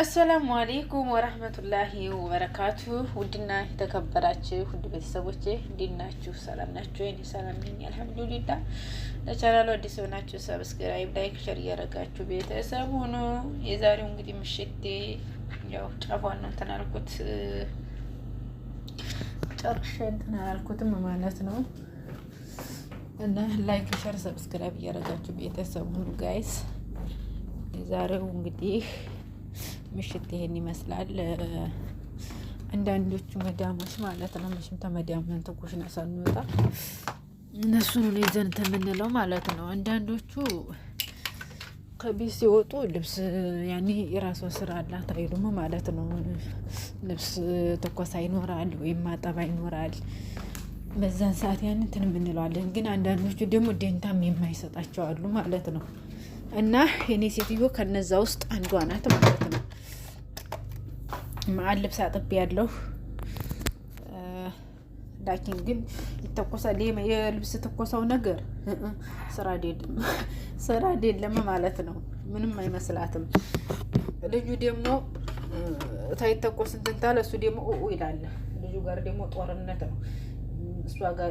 አሰላሙ አሌይኩም ወረህመቱላሂ ወበረካቱ። ውድና የተከበራችሁ ውድ ቤተሰቦቼ እንዴት ናችሁ? ሰላም ናችሁ? እኔ ሰላም ነኝ አልሐምዱሊላ። ለቻናሉ አዲስ የሆናችሁ ሰብስክራይብ፣ ላይክ፣ ሸር እያደረጋችሁ ቤተሰብ ሁኑ። የዛሬው እንግዲህ ምሽቴ ያው ጫፏን ነው እንትን አልኩት ጨርሼ እንትን አላልኩትም ማለት ነው እና ላይክ፣ ሸር፣ ሰብስክራይብ እያደረጋችሁ ቤተሰብ ሁኑ ጋይስ የዛሬው እንግዲህ ምሽት ይሄን ይመስላል። አንዳንዶቹ መዳሞች ማለት ነው። መቼም ተመዳሙን ተኩሽና ሳንወጣ እነሱን ነው ይዘን የምንለው ማለት ነው። አንዳንዶቹ ከቤት ሲወጡ ልብስ ያኔ የራሷ ስራ አላት አይሉም ማለት ነው። ልብስ ተኮሳ ይኖራል ወይም ማጠባ ይኖራል። በዛን ሰዓት ያን እንትን የምንለዋለን። ግን አንዳንዶቹ ደግሞ ደንታም የማይሰጣቸው አሉ ማለት ነው። እና የኔ ሴትዮ ከነዛ ውስጥ አንዷ ናት ማለት ነው። መአል ልብስ አጥቤ ያለሁ ላኪን ግን ይተኮሳል። የልብስ ትኮሰው ነገር ስራ አይደለም ስራ አይደለም ማለት ነው። ምንም አይመስላትም። ልጁ ደግሞ ታይተኮስ እንትን ታለ እሱ ደግሞ ኡ ይላል። ልጁ ጋር ደግሞ ጦርነት ነው።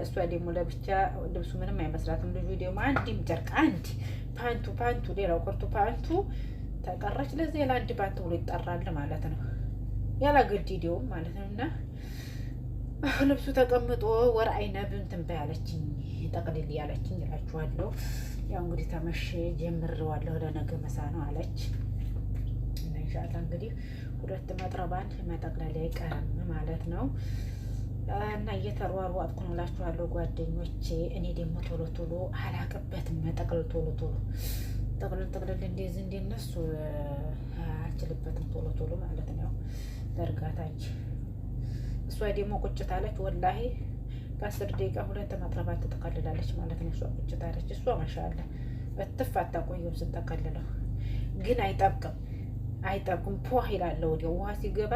እሷ ደግሞ ለብቻ ልብሱ ምንም አይመስላትም። ልጁ ደግሞ አንድም ጨርቅ አንድ ፓንቱ ፓንቱ ሌላው ቀርቱ ፓንቱ ተቀረች። ለዚህ ለአንድ ፓንቱ ብሎ ይጠራል ማለት ነው። ያላገደደውም ማለት ነው። እና ልብሱ ተቀምጦ ወር አይነ እንትን በያለችኝ ጠቅልል ያለችኝ እላችኋለሁ። ያው እንግዲህ ተመሽ ጀምሬዋለሁ ለነገ መሳ ነው አለች። እንሻላ እንግዲህ ሁለት መጥረባን መጠቅለል አይቀርም ማለት ነው። እና እየተሯሯጥኩ ነው እላችኋለሁ ጓደኞቼ። እኔ ደግሞ ቶሎ ቶሎ አላቅበትም መጠቅለል ቶሎ ቶሎ ጠቅልል ጠቅልል እንደዚህ እንደነሱ አልችልበትም ቶሎ ቶሎ ማለት ነው። ደርጋታች። እሷ ደግሞ ቁጭት አለች። ወላሂ በአስር ደቂቃ ሁለት መጥረባት ትጠቀልላለች ማለት ነው። እሷ ቁጭት አለች። እሷ ማሻአላ በትፍ አታቆየም ስጠቀልለው ግን አይጠብቅም አይጠብቅም። ፖህ ይላለ ወዲያው ውሃ ሲገባ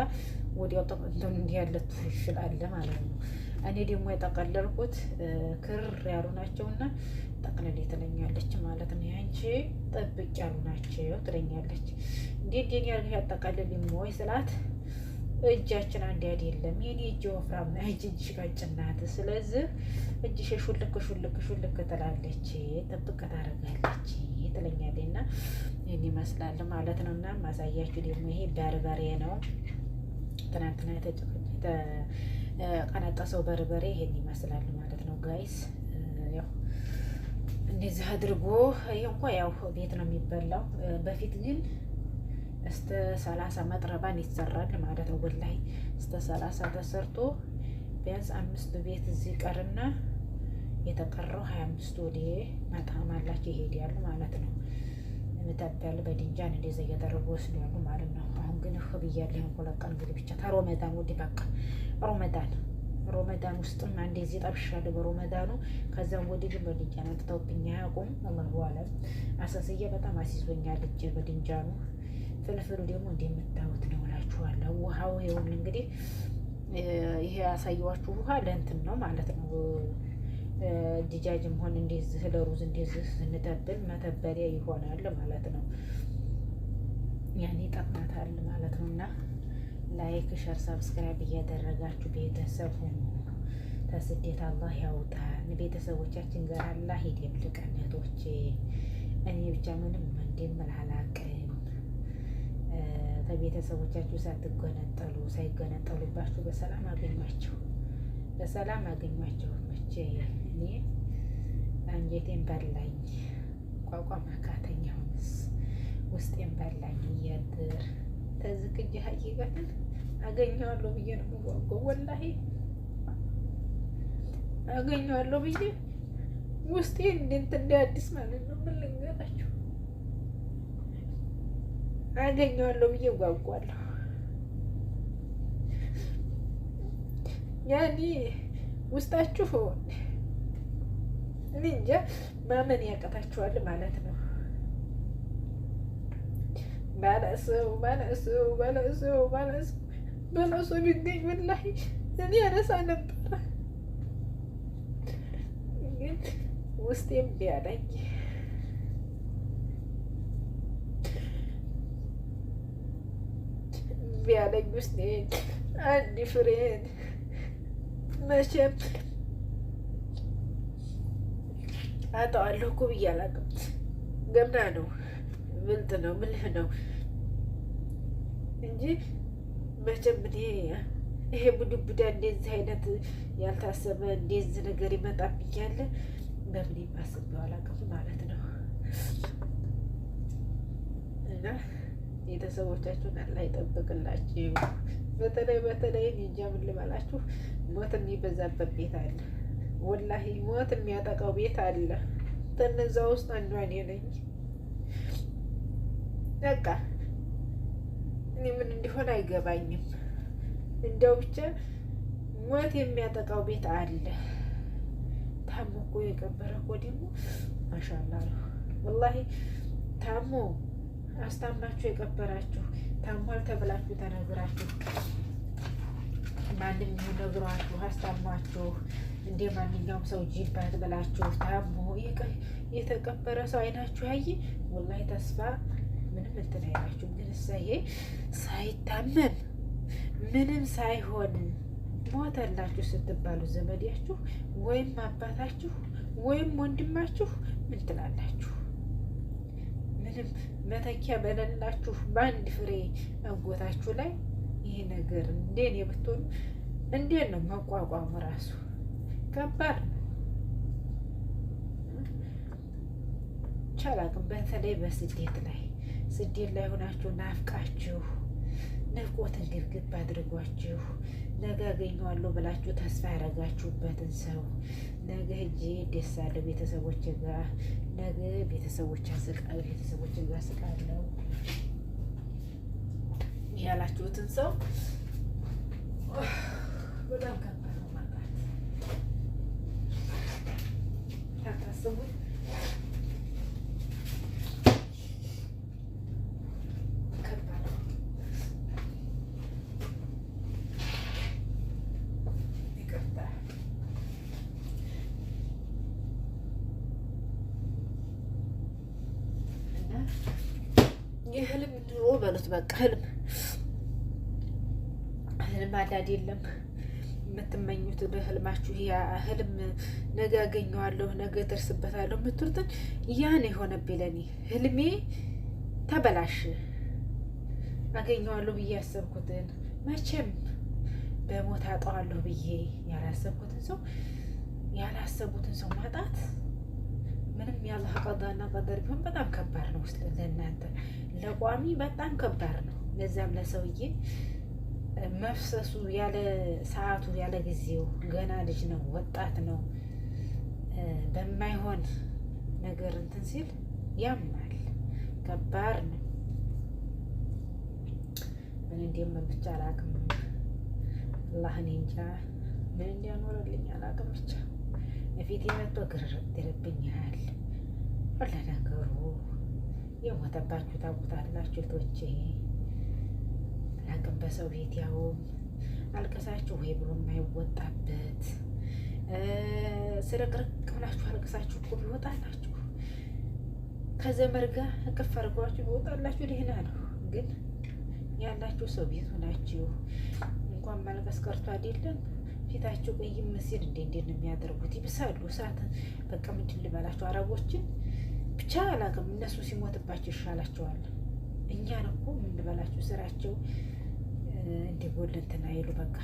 ወዲያው ጠቅልቶን እንዲያለት ይችላለ ማለት ነው። እኔ ደግሞ የጠቀለልኩት ክር ያሉ ናቸው ናቸውና ጠቅልል ትለኛለች ማለት ነው። ያንቺ ጥብቅ ያሉ ናቸው ትለኛለች። እንዴት ዴን ያርግሽ አጠቃልል ሞይ ስላት እጃችን አንድ አይደለም። የኔ እጅ ወፍራም ነው፣ እጅሽ ቀጭን ናት። ስለዚህ እጅሽ ሹልክ ሹልክ ሹልክ ትላለች፣ ጥብቅ ታደርጋለች ትለኛለች። እና ይህን ይመስላል ማለት ነው። እና ማሳያችሁ ደግሞ ይሄ በርበሬ ነው። ትናንትና የተቀነጠሰው በርበሬ ይሄን ይመስላል ማለት ነው ጋይስ። ያው እንደዚህ አድርጎ ይህ እንኳ ያው ቤት ነው የሚበላው። በፊት ግን እስተ ሰላሳ መጥረባን ይሰራል ማለት ነው። ወላሂ እስተ ሰላሳ ተሰርቶ ቢያንስ አምስቱ ቤት እዚህ ቀርና የተቀረው ሀያ አምስቱ ወደ መጣም ይሄዳሉ ማለት ነው። ምታቢያለ በድንጃን እንደዚ እየደረጉ ወስዳሉ ማለት ነው። አሁን ግን ህ ብያለሁ ሁለት ቀን እንግዲህ ብቻ ተሮመዳን ወዲ በቃ ሮመዳን ሮመዳን ውስጥም እንደዚህ ጠብሻለሁ በሮመዳኑ። ከዛም ወዲህ ግን በድንጃን አጥተውብኝ አያውቁም። አላሁ አለም አሰስዬ በጣም አሲዞኛል እጄ በድንጃኑ ፍልፍሉ ደግሞ እንደምታዩት ነው እላችኋለሁ። ውሃው ይሁን እንግዲህ ይሄ ያሳየዋችሁ ውሃ ለእንትን ነው ማለት ነው። ድጃጅም ሆን እንደዚህ ለሩዝ እንደዚህ ስንተብል መተበሪያ ይሆናል ማለት ነው። ያኔ ይጠቅማታል ማለት ነው። እና ላይክ፣ ሸር፣ ሰብስክራይብ እያደረጋችሁ ቤተሰብ ሁኑ። ከስደት አላህ ያውጣን። ቤተሰቦቻችን ጋር አላህ ይደብልቀን። እህቶቼ እኔ ብቻ ምንም እንደምል አላውቅም። ከቤተሰቦቻችሁ ሳትገነጠሉ ሳይገነጠሉባችሁ በሰላም አገኟቸው፣ በሰላም አገኟቸው። መቼ እኔ አንጀቴን በላኝ፣ ቋቋም አካተኝ፣ አሁንስ ውስጤን በላኝ። እያድር ተዝቅጅ ሀቂቀትን አገኘዋለሁ ብዬ ነው የምጓጓው። ወላሂ አገኘዋለሁ ብዬ ውስጤ እንደ እንደ አዲስ ማለት ነው። ምን ልንገራችሁ አገኘዋለሁ ብዬ ጓጓለሁ። ያኔ ውስጣችሁ እኔ እንጃ ማመን ያቀታችኋል ማለት ነው። ባለሰው ባለሰው ባለሰው ባለሰው ባለሰው ቢገኝ ወላሂ እኔ ያነሳ ነበር፣ ግን ውስጤም ቢያለኝ ቢያለኝ ውስጤ አንድ ፍሬን መቼም አጠዋለሁ እኮ ብዬ አላውቅም። ገምና ነው ብልጥ ነው ምልህ ነው እንጂ መቼም እኔ ይሄ ቡድቡዳ እንደዚህ አይነት ያልታሰበ እንደዚህ ነገር ይመጣብኛል በምን አስቤው አላውቅም ማለት ነው እና ቤተሰቦቻችሁን አላህ ይጠብቅላችሁ። በተለይ በተለይ እንጃ ምን ልበላችሁ፣ ሞት የሚበዛበት ቤት አለ። ወላሂ ሞት የሚያጠቃው ቤት አለ። ከነዛ ውስጥ አንዷ እኔ ነኝ። በቃ እኔ ምን እንዲሆን አይገባኝም። እንደው ብቻ ሞት የሚያጠቃው ቤት አለ። ታሞ እኮ የቀበረ እኮ ደግሞ ማሻላ ነው ወላሂ ታሞ አስታማችሁ የቀበራችሁ ታሟል ተብላችሁ ተነግራችሁ ማንም ይሁን ነግሯችሁ አስታሟችሁ እንደ ማንኛውም ሰው ጅባት ብላችሁ ታሞ የተቀበረ ሰው አይናችሁ ያይ ወላሂ ተስፋ ምንም እንትን አይላችሁም። ግን ይሄ ሳይታመም ምንም ሳይሆን ሞተላችሁ ስትባሉ ዘመዴያችሁ ወይም አባታችሁ ወይም ወንድማችሁ ምን ትላላችሁ? አይደለም መተኪያ በሌላችሁ በአንድ ፍሬ አጎታችሁ ላይ ይሄ ነገር እንዴን የብትሆኑ እንዴት ነው መቋቋሙ? ራሱ ከባድ ቻላቅም በተለይ በስደት ላይ ስደት ላይ ሆናችሁ ናፍቃችሁ ንቆት ግብግብ አድርጓችሁ ነገ አገኘዋለሁ ብላችሁ ተስፋ ያደረጋችሁበትን ሰው ነገ ሂጄ ደስ አለ ቤተሰቦች ጋር ነገ ቤተሰቦች ያስቃሉ፣ ቤተሰቦችን ያስቃለው ያላችሁትን ሰው በጣም አስታወስኩት። በቃ ህልም ህልም አዳድ የለም የምትመኙት በህልማችሁ ህልም ነገ አገኘዋለሁ ነገ ደርስበታለሁ የምትሉትን ያን የሆነብኝ ለእኔ ህልሜ ተበላሽ። አገኘዋለሁ ብዬ ያሰብኩትን መቼም በሞት አጠዋለሁ ብዬ ያላሰብኩትን ሰው ያላሰቡትን ሰው ማጣት የአላህ ቀዳና ቀደር ግን በጣም ከባድ ነው። ውስጥ ለእናንተ ለቋሚ በጣም ከባድ ነው። ለዛም ለሰውዬ መፍሰሱ ያለ ሰዓቱ ያለ ጊዜው ገና ልጅ ነው፣ ወጣት ነው። በማይሆን ነገር እንትን ሲል ያማል፣ ከባድ ነው። ምን እንደምን ብቻ አላቅም። አላህ እኔ እንጃ ምን እንዲያኖረልኝ አላቅም። ብቻ በፊት የመቶ ግርርት ይርብኛል። ለነገሩ የሞተባችሁ ታውቁታላችሁ ቶቼ ላቅም በሰው ቤት ያው አልቅሳችሁ ወይ ብሎ የማይወጣበት ስርቅርቅ ብላችሁ አልቅሳችሁ እኮ ቢወጣላችሁ ከዘመድ ጋር እቅፍ አድርጓችሁ ቢወጣላችሁ ደህና ነው። ግን ያላችሁ ሰው ቤት ሆናችሁ እንኳን ማልቀስ ቀርቶ አይደለም ፊታቸው ቀይም ሲል እንዴ እንዴ ነው የሚያደርጉት? ይብሳሉ። እሳት በቃ ምንድን አረቦችን ብቻ አላውቅም። እነሱ ሲሞትባቸው ይሻላቸዋል። እኛን እኮ ምን ልበላችሁ ስራቸው እንዲጎል እንትን ይሉ በቃ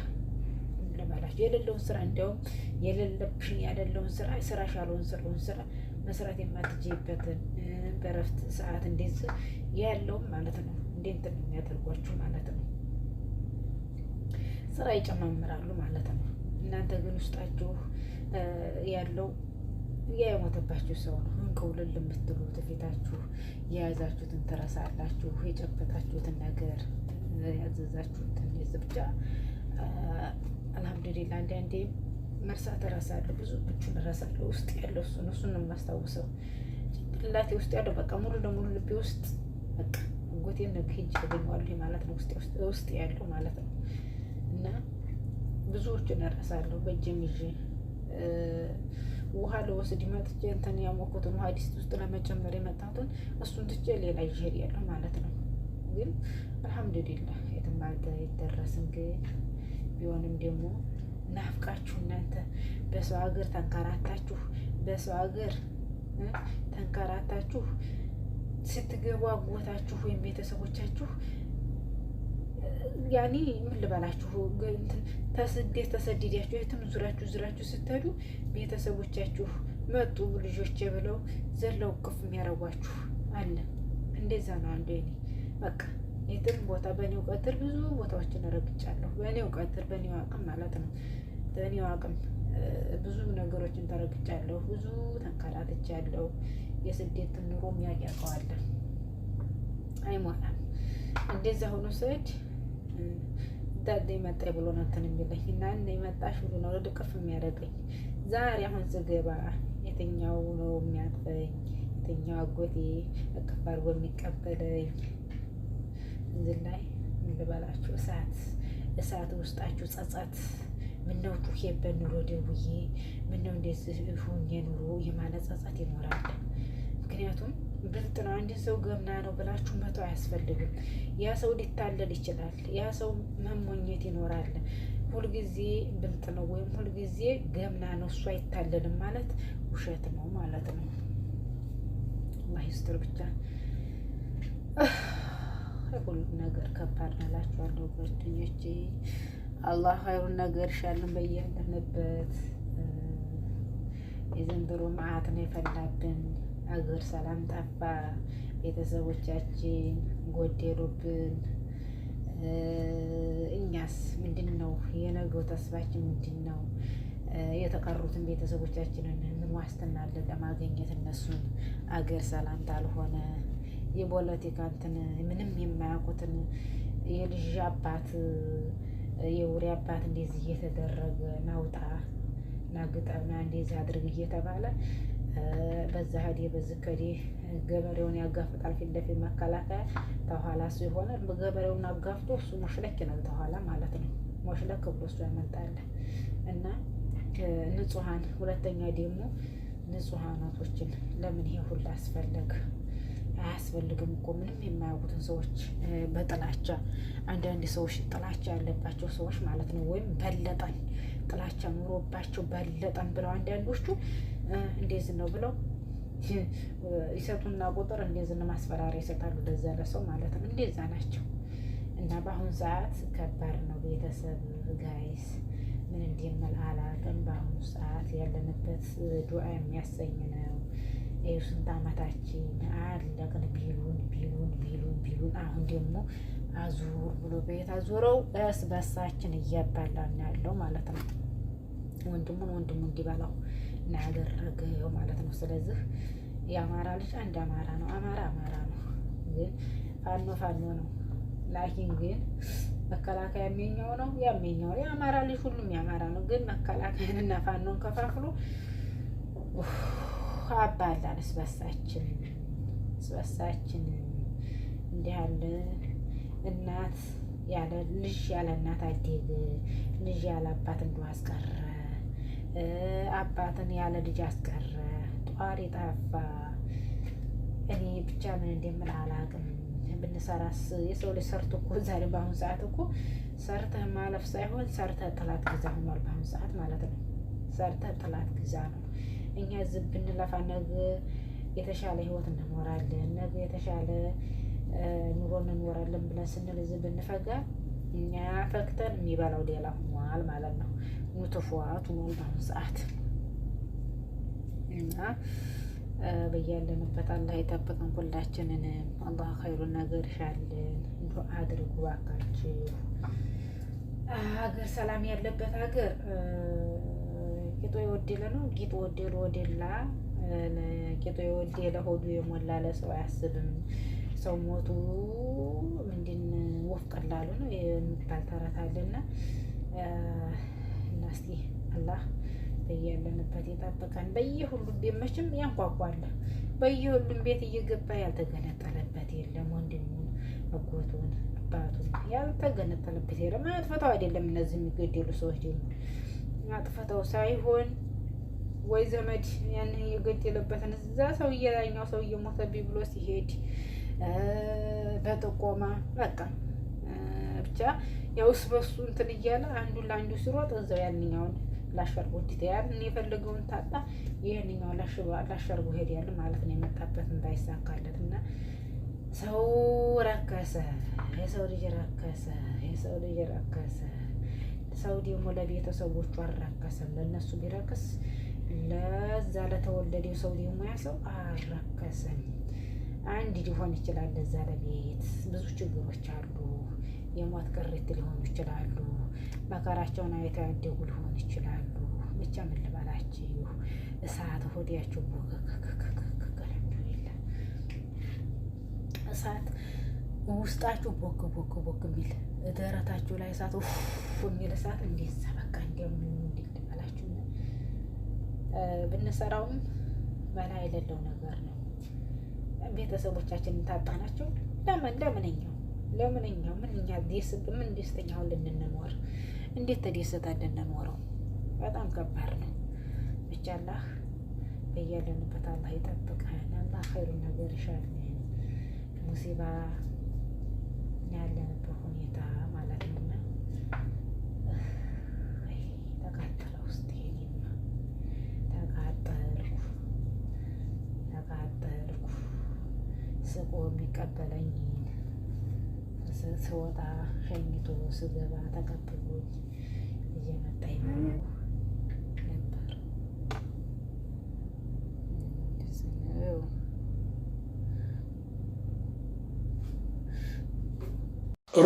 ምን ልበላችሁ የሌለውን ስራ እንዲያውም የሌለብሽን ያደለውን ስራ ስራ ሻለውን ስራውን ስራ መስራት የማትችይበትን በረፍት ሰዓት እንዴት ያለውም ማለት ነው እንዴት እንትን የሚያደርጓችሁ ማለት ነው። ስራ ይጨማምራሉ ማለት ነው። እናንተ ግን ውስጣችሁ ያለው ያ የሞተባችሁ ሰው ነው እንቅውልል የምትሉት ፊታችሁ የያዛችሁትን ትረሳላችሁ። የጨበጣችሁትን ነገር ያዘዛችሁትን የዝብቻ አልሐምዱሊላ አንዳንዴ መርሳት እረሳለሁ፣ ብቹን እረሳለሁ። ውስጥ ያለው እሱን እሱን የማስታውሰው ጭንቅላቴ ውስጥ ያለው በቃ ሙሉ ለሙሉ ልቤ ውስጥ በቃ ጎቴ ነገ ሂጅ ያገኘዋለሁ ማለት ነው። ውስጥ ያለው ማለት ነው እና ብዙዎቹን እረሳለሁ በእጄም ይዤ ውሃ ለወስድ መጥቼ እንትን ያሞኩትን ውሃ ዲስት ውስጥ ለመጨመር የመጣሁትን እሱን ትቼ ሌላ ይሄድ ያለ ማለት ነው። ግን አልሐምዱሊላህ የትም አይደረስም። ግን ቢሆንም ደግሞ ናፍቃችሁ እናንተ በሰው ሀገር ተንከራታችሁ በሰው ሀገር ተንከራታችሁ ስትገቡ አጎታችሁ ወይም ቤተሰቦቻችሁ ያኔ ምን ልበላችሁ ተስደት ተሰድዳችሁ የትም ዙራችሁ ዙራችሁ ስትሄዱ ቤተሰቦቻችሁ መጡ ልጆች ብለው ዘለው ቅፍ የሚያረጓችሁ አለ። እንደዛ ነው አንዱ ኔ በቃ የትም ቦታ በእኔው ቀትር ብዙ ቦታዎችን ረግጫለሁ። በእኔው ቀትር በእኔው አቅም ማለት ነው። በእኔው አቅም ብዙ ነገሮችን ተረግጫለሁ። ብዙ ተንከራትቻለሁ። የስደት ኑሮ የሚያውቅ ያውቀዋል። አይሞላም እንደዛ ሆኖ ሰድ ዳዴ መጣ ብሎ ናትን የሚለኝ እና እኔ መጣሽ ብሎ ነው ለድቅፍ የሚያደርገኝ። ዛሬ አሁን ስገባ የትኛው ነው የሚያቅፈኝ? የትኛው አጎቴ እቅፍ አድርጎ የሚቀበለኝ? እዚህ ላይ ምን ልበላችሁ፣ እሳት እሳት ውስጣችሁ ጸጸት ምነው ጩሄበት ኑሮ ደውዬ ምነው እንደዚህ ሆኜ ኑሮ የማለ ጸጸት ይኖራል። ምክንያቱም ብልጥ ነው። አንድ ሰው ገምና ነው ብላችሁ መተው አያስፈልግም። ያ ሰው ሊታለል ይችላል። ያ ሰው መሞኘት ይኖራል። ሁልጊዜ ብልጥ ነው ወይም ሁልጊዜ ገምና ነው እሱ አይታለልም ማለት ውሸት ነው ማለት ነው። አላህ ብቻ። ሁሉም ነገር ከባድ ነው እላችኋለሁ ጓደኞቼ። አላህ ኸይሩን ነገር ሻልን በያለንበት። የዘንድሮ መዓት ነው የፈላብን አገር ሰላም ጠፋ፣ ቤተሰቦቻችን ጎደሉብን። እኛስ ምንድን ነው የነገው ተስፋችን ምንድን ነው? የተቀሩትን ቤተሰቦቻችንን ምን ዋስትና አለ ለማገኘት? እነሱን አገር ሰላም ታልሆነ የፖለቲካ እንትን ምንም የማያውቁትን የልጅ አባት የውሬ አባት እንደዚህ እየተደረገ ናውጣ ናግጠምና እንደዚህ አድርግ እየተባለ በዛ ሄዴ በዚህ ገበሬውን ያጋፍጣል። ፊት ለፊት መከላከያ ተኋላ እሱ የሆነ ገበሬውን አጋፍቶ እሱ ሞሽለክ ይላል ተኋላ ማለት ነው። ሞሽለክ ብሎ እሱ ያመልጣል። እና ንጹሐን ሁለተኛ ደግሞ ንጹሐናቶችን ለምን ይሄ ሁሉ አስፈለገ? አያስፈልግም እኮ ምንም የማያውቁትን ሰዎች በጥላቻ አንዳንድ ሰዎች ጥላቻ ያለባቸው ሰዎች ማለት ነው። ወይም በለጠን ጥላቻ ኑሮባቸው በለጠን ብለው አንዳንዶቹ እንደዚህ ነው ብለው ይሰጡና ቁጥር እንደዚህ ነው ማስፈራሪያ ይሰጣሉ። ለዛ ለሰው ማለት ነው። እንደዛ ናቸው። እና በአሁኑ ሰዓት ከባድ ነው። ቤተሰብ ጋይስ ምን እንደምል አላውቅም። በአሁኑ ሰዓት ያለንበት ዱዓ የሚያሰኝ ነው። ይህ ስንት ዓመታችን አለቅን ቢሉን ቢሉን ቢሉን ቢሉን አሁን ደግሞ አዙር ብሎ ቤት አዙረው በሳችን በርሳችን እያባላን ያለው ማለት ነው። ወንድሙን ወንድሙ እንዲበላው ናደረገው ማለት ነው። ስለዚህ የአማራ ልጅ አንድ አማራ ነው። አማራ አማራ ነው፣ ግን ፋኖ ፋኖ ነው። ላኪን ግን መከላከያ የሚኛው ነው ያሚኛው የአማራ ልጅ ሁሉም የአማራ ነው። ግን መከላከያንና ፋኖን ከፋፍሎ አባላን እስበሳችን እስበሳችን እንዲህ ያለ እናት ያለ ልጅ ያለ እናት አደገ ልጅ ያለ አባት እንደው አስቀረ አባትን ያለ ልጅ አስቀረ፣ ጧሪ ጠፋ። እኔ ብቻ ምን እንደምል አላውቅም። ብንሰራስ የሰው ልጅ ሰርቶ እኮ ዛሬ በአሁኑ ሰዓት እኮ ሰርተህ ማለፍ ሳይሆን ሰርተህ ጥላት ግዛ ሆኗል። በአሁኑ ሰዓት ማለት ነው። ሰርተህ ጥላት ግዛ ነው። እኛ ዝም ብንለፋ ነገ የተሻለ ህይወት እንኖራለን፣ ነገ የተሻለ ኑሮ እንኖራለን ብለን ስንል ዝም ብንፈጋ እኛ ፈግተን የሚበላው ሌላ ሆኗል ማለት ነው። ውትፏት ሆኗል በአሁኑ ሰዓት እና በያለንበት አላህ የጠበቀን ሁላችንን። አላህ ኸይሩን ነገር ይሻልን። ዱዓ አድርጉ ባካችሁ። ሀገር ሰላም ያለበት ሀገር ቂጦ የወደለ ነው። ቂጦ ወደሉ ወደላ ቂጦ የወደለ ሆዱ የሞላ ለሰው አያስብም። ሰው ሞቱ ምንድን ወፍ ቀላሉ ነው የሚባል ተረት አለና እስቲ አላህ በያለንበት የጠበቀን በየሁሉም ቤት መቼም ያንኳኳል። በየሁሉም ቤት እየገባ ያልተገነጠለበት የለም። ወንድሙን፣ አጎቱን፣ አባቱን ያልተገነጠለበት የለም። አጥፍተው አይደለም እነዚህ የሚገደሉ ሰዎች ደግሞ አጥፍተው ሳይሆን ወይ ዘመድ ያን የገደለበትን እዛ ሰው ላይኛው ሰው ሞተብኝ ብሎ ሲሄድ በጥቆማ በቃ ብቻ ያው ስበሱ በሱ እንትን እያለ አንዱ ለአንዱ ሲሮጥ እዛው ያንኛውን ላሸርጎ ትያያል የፈለገውን ታጣ ይህንኛው ላሸርጎ ያለ ማለት ነው። የመጣበት እንዳይሳካለት እና ሰው ረከሰ፣ የሰው ልጅ ረከሰ፣ የሰው ልጅ ረከሰ። ሰው ደግሞ ለቤተሰቦቹ አልረከሰም። ለእነሱ ቢረክስ ለዛ ለተወለደው ሰው ደግሞ ያ ሰው አልረከሰም። አንድ ሊሆን ይችላል። ለዛ ለቤት ብዙ ችግሮች አሉ። የሟት ቅሪት ሊሆኑ ይችላሉ። መከራቸውን አይተው ያደጉ ሊሆኑ ይችላሉ። ብቻ ምን ልበላችሁ፣ እሳት ሆዲያችሁ እሳት ውስጣችሁ ቦግ ቦግ ቦግ የሚል ደረታችሁ ላይ እሳት ፍ የሚል እሳት እንዴት ሰበካ እንደምን እንድትበላችሁ ብንሰራውም በላይ የሌለው ነገር ነው። ቤተሰቦቻችን ታጣናቸው ለምን ለምንኛው ለምን ምንኛ ምን ደስት ምን ደስተኛ ሁልን እንዴት ተደሰታል እንኖረው? በጣም ከባድ ነው። ብቻ አላህ በያለንበት አላህ ይጠብቀን። አላህ ኸይሩ ነገር ይሻልን። ሙሲባ ያለንበት ሁኔታ ማለት ነው እና ተቃጠለ ውስጥ ይሄንማ ተቃጠልኩ ተቃጠልኩ ስቆ የሚቀበለኝ ስወጣ ሸኝቶ ስገባ ተቀብሎኝ እየመጣኝ ነበር።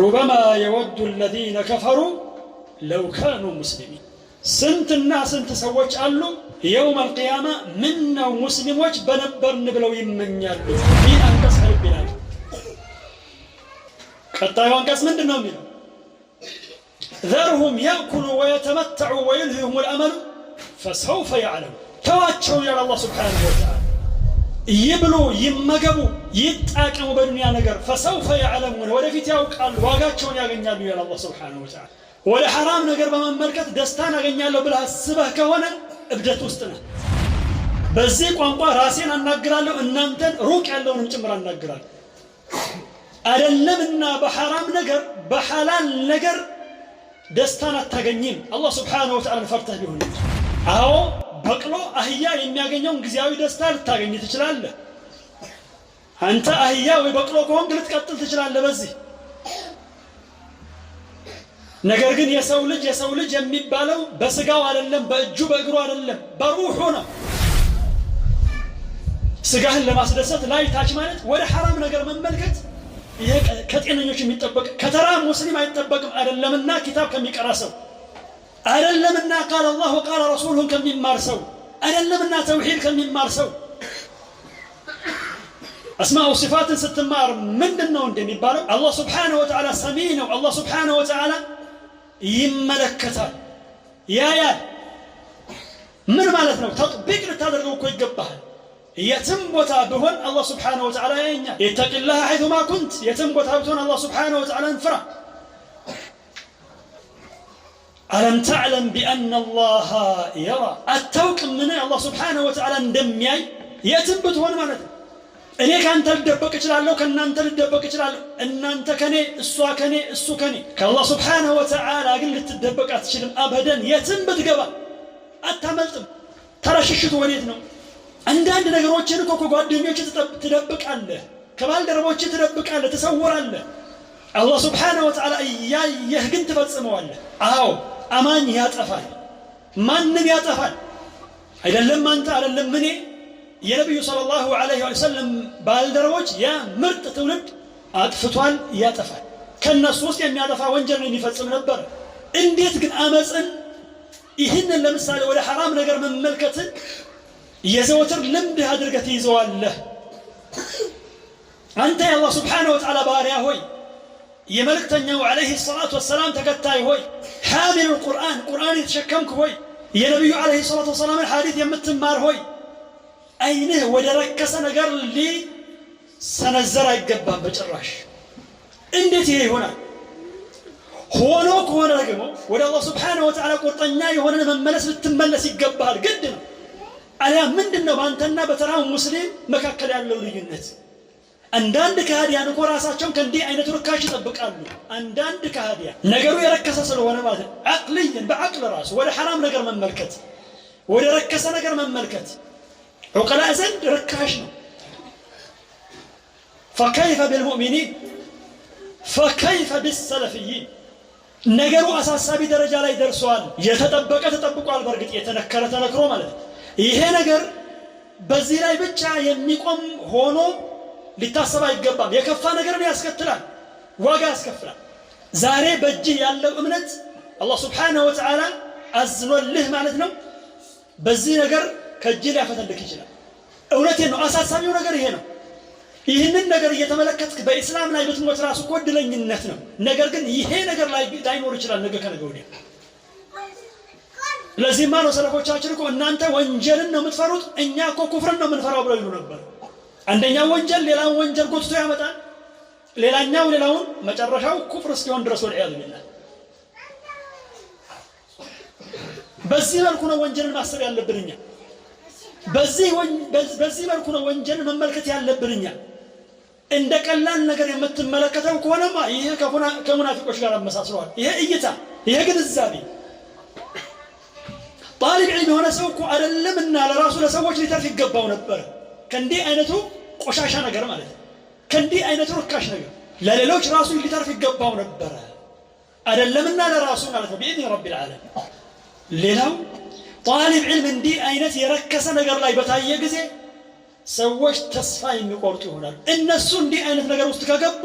ሩበማ የወዱ አለዚነ ከፈሩ ለው ካኑ ሙስሊሚን። ስንትና ስንት ሰዎች አሉ የውም አልቅያማ ምን ነው ሙስሊሞች በነበርን ብለው ይመኛሉ። ፊ አንተስኸል ይላል? ቀጣዩ አንቀጽ ምንድን ነው የሚለው? ዘርሁም ያእኩሉ ወየተመተዑ ወይልሂሁም ልአመሉ ፈሰውፈ ያዕለሙ። ተዋቸው ይላል አላህ ሱብሓነሁ ወተዓላ። ይብሉ፣ ይመገቡ፣ ይጣቀሙ በዱንያ ነገር። ፈሰውፈ ያዕለሙን ወደፊት ያውቃሉ፣ ዋጋቸውን ያገኛሉ ይላል አላህ ሱብሓነሁ ወተዓላ። ወደ ሐራም ነገር በመመልከት ደስታን አገኛለሁ ብለህ አስበህ ከሆነ እብደት ውስጥ ነህ። በዚህ ቋንቋ ራሴን አናግራለሁ፣ እናንተን ሩቅ ያለውንም ጭምር አናግራለሁ። አይደለምና በሐራም ነገር በሐላል ነገር ደስታን አታገኝም። አላህ ስብሓነሁ ወተዓላን ፈርተህ ቢሆን አዎ በቅሎ አህያ የሚያገኘውን ጊዜያዊ ደስታ ልታገኝ ትችላለህ። አንተ አህያ ወይ በቅሎ ከሆንክ ልትቀጥል ትችላለህ በዚህ ነገር ግን የሰው ልጅ የሰው ልጅ የሚባለው በስጋው አይደለም፣ በእጁ በእግሩ አይደለም፣ በሩሑ ነው። ስጋህን ለማስደሰት ላይ ታች ማለት ወደ ሐራም ነገር መመልከት ይሄ ከጤነኞች የሚጠበቅ ከተራ ሙስሊም አይጠበቅም። አይደለምና ኪታብ ከሚቀራ ሰው አይደለምና ቃል አላህ ወቃል ረሱሉን ከሚማር ሰው አይደለምና ተውሂድ ከሚማር ሰው አስማው ሲፋትን ስትማር ምንድን ነው እንደሚባለው አላህ ስብሓነሁ ወተዓላ ሰሚ ነው። አላህ ስብሓነሁ ወተዓላ ይመለከታል፣ ያያል። ምን ማለት ነው? ተጥቢቅ ልታደርገው እኮ ይገባሃል። የትም ቦታ ብሆን አላህ ስብሓነሁ ወተዓላ ያየኛል። ኢተቂላህ ሐይቱማ ኩንት፣ የትም ቦታ ብትሆን አላህ ስብሓነሁ ወተዓላን ፍራ። አለም ተዕለም ቢአነ አላህ የራ፣ አታውቅምን አላህ ስብሓነሁ ወተዓላ እንደሚያይ የትም ብትሆን ማለት ነው። እኔ ከአንተ ልደበቅ እችላለሁ፣ ከእናንተ ልደበቅ እችላለሁ። እናንተ ከኔ፣ እሷ ከኔ፣ እሱ ከኔ። ከአላህ ስብሓነሁ ወተዓላ ግን ልትደበቅ አትችልም። አበደን የትም ብትገባ አታመልጥም። ተረሽሽቱ ወዴት ነው? አንዳንድ ነገሮችን እኮ ከጓደኞች ትደብቃለህ፣ ከባልደረቦች ትደብቃለህ፣ ትሰውራለህ። አላህ ስብሓነሁ ወተዓላ እያየህ ግን ትፈጽመዋለህ። አዎ አማኝ ያጠፋል፣ ማንም ያጠፋል። አይደለም አንተ፣ አይደለም እኔ፣ የነቢዩ ሰለላሁ ዐለይሂ ወሰለም ባልደረቦች ያ ምርጥ ትውልድ አጥፍቷል፣ ያጠፋል። ከእነሱ ውስጥ የሚያጠፋ ወንጀል ነው የሚፈጽም ነበር። እንዴት ግን አመፅን፣ ይህንን ለምሳሌ ወደ ሐራም ነገር መመልከትን የዘወትር ልምድ አድርገህ ትይዘዋለህ። አንተ የአላህ ስብሓነሁ ወተዓላ ባሪያ ሆይ የመልእክተኛው ዓለይሂ ሰላቱ ወሰላም ተከታይ ሆይ ሓሚል ቁርአን ቁርአን የተሸከምክ ሆይ የነቢዩ ዓለይሂ ሰላቱ ወሰላምን ሐዲት የምትማር ሆይ አይንህ ወደ ረከሰ ነገር ሊሰነዘር አይገባም በጭራሽ። እንዴት ይሄ ይሆናል? ሆኖ ከሆነ ደግሞ ወደ አላህ ስብሓነሁ ወተዓላ ቁርጠኛ የሆነን መመለስ ልትመለስ ይገባሃል፣ ግድ ነው። አሊያ ምንድን ነው በአንተና በተራው ሙስሊም መካከል ያለው ልዩነት? አንዳንድ ከሃዲያን እኮ ራሳቸውን ከእንዲህ አይነት ርካሽ ይጠብቃሉ። አንዳንድ ከሃዲያን ነገሩ የረከሰ ስለሆነ ማለት ነው አቅልይን በአቅል ራሱ ወደ ሐራም ነገር መመልከት፣ ወደ ረከሰ ነገር መመልከት ዑቀላ ዘንድ ርካሽ ነው። ፈከይፈ ቢልሙእሚኒን ፈከይፈ ቢሰለፍይን ነገሩ አሳሳቢ ደረጃ ላይ ደርሷል። የተጠበቀ ተጠብቋል። በእርግጥ የተነከረ ተነክሮ ማለት ነው ይሄ ነገር በዚህ ላይ ብቻ የሚቆም ሆኖ ሊታሰብ አይገባም። የከፋ ነገርን ያስከትላል፣ ዋጋ ያስከፍላል። ዛሬ በእጅህ ያለው እምነት አላህ ስብሓነ ወተዓላ አዝኖልህ ማለት ነው። በዚህ ነገር ከእጅህ ሊያፈተልክ ይችላል። እውነቴ ነው። አሳሳቢው ነገር ይሄ ነው። ይህንን ነገር እየተመለከትክ በኢስላም ላይ ብትሞት ራሱ እኮ እድለኝነት ነው። ነገር ግን ይሄ ነገር ላይኖር ይችላል ነገ ከነገ ወዲያ ለዚህማ ነው ሰለፎቻችን እኮ እናንተ ወንጀልን ነው የምትፈሩት፣ እኛ እኮ ኩፍርን ነው የምንፈራው ብለው ይሉ ነበር። አንደኛው ወንጀል ሌላውን ወንጀል ጎትቶ ያመጣል፣ ሌላኛው ሌላውን፣ መጨረሻው ኩፍር እስኪሆን ድረስ ወልዒያዙ ቢላህ። በዚህ መልኩ ነው ወንጀልን ማሰብ ያለብን እኛ። በዚህ መልኩ ነው ወንጀል መመልከት ያለብን እኛ። እንደ ቀላል ነገር የምትመለከተው ከሆነማ ይሄ ከሙናፊቆች ጋር አመሳስለዋል። ይሄ እይታ፣ ይሄ ግንዛቤ ባሊግ ዒልም የሆነ ሰው እኮ አይደለም እና ለራሱ ለሰዎች ሊተርፍ ይገባው ነበር። ከእንዲህ አይነቱ ቆሻሻ ነገር ማለት ነው። ከእንዲህ አይነቱ ርካሽ ነገር ለሌሎች ራሱ ሊተርፍ ይገባው ነበረ አይደለምና ለራሱ ማለት ነው። ብኢዝኒ ረቢል ዓለሚን። ሌላው ጣሊብ ዒልም እንዲህ አይነት የረከሰ ነገር ላይ በታየ ጊዜ ሰዎች ተስፋ የሚቆርጡ ይሆናል። እነሱ እንዲህ አይነት ነገር ውስጥ ከገቡ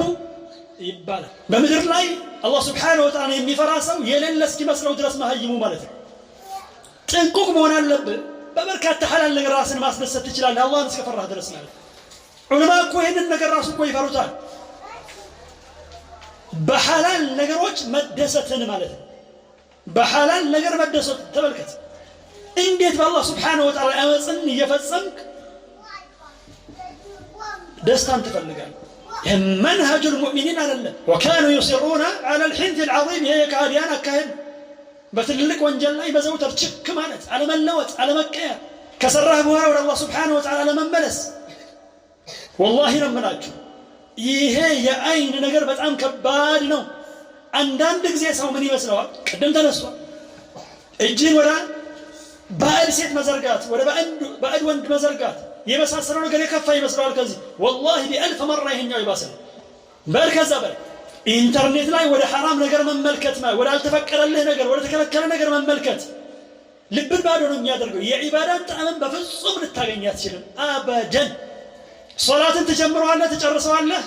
ይባላል በምድር ላይ አላህ ስብሓነሁ ወተዓላ የሚፈራ ሰው የሌለ እስኪመስለው ድረስ መሀይሙ ማለት ነው። تنكوك مونا اللب ببركة تحلل لك راسنا ما سنسى تجلال الله نسك فرها درس علماء كوهن النقر راسك كوي فروتان بحلال نقر وجه مدسة نمالت بحلال نقر مدسة تبلكت إن ديت بالله سبحانه وتعالى أمسن يفسنك دستان تفلقا منهج المؤمنين على الله وكانوا يصرون على الحنث العظيم هي كاديانا كهن በትልቅ ወንጀል ላይ በዘውተር ችክ ማለት አለመለወጥ፣ አለመቀየር፣ ከሰራህ በኋላ ወደ አላህ ሱብሓነሁ ወተዓላ አለመመለስ። ወላሂ ነው የምላችሁ ይሄ የአይን ነገር በጣም ከባድ ነው። አንዳንድ ጊዜ ሰው ምን ይመስለዋል? ቅድም ተነስቷል። እጅን ወደ ባዕድ ሴት መዘርጋት፣ ወደ ባዕድ ወንድ መዘርጋት የመሳሰለው ነገር የከፋ ይመስለዋል። ከዚህ ወላሂ ቢአልፍ መራ ይሄኛው ይባሰል በል ከዛ በል ኢንተርኔት ላይ ወደ ሐራም ነገር መመልከት፣ ወደ አልተፈቀደልህ ነገር፣ ወደ ተከለከለ ነገር መመልከት ልብን ባዶ ነው የሚያደርገው። የዒባዳን ጣዕምን በፍጹም ልታገኝ አትችልም። አበደን። ሶላትን ትጀምረዋለህ፣ ትጨርሰዋለህ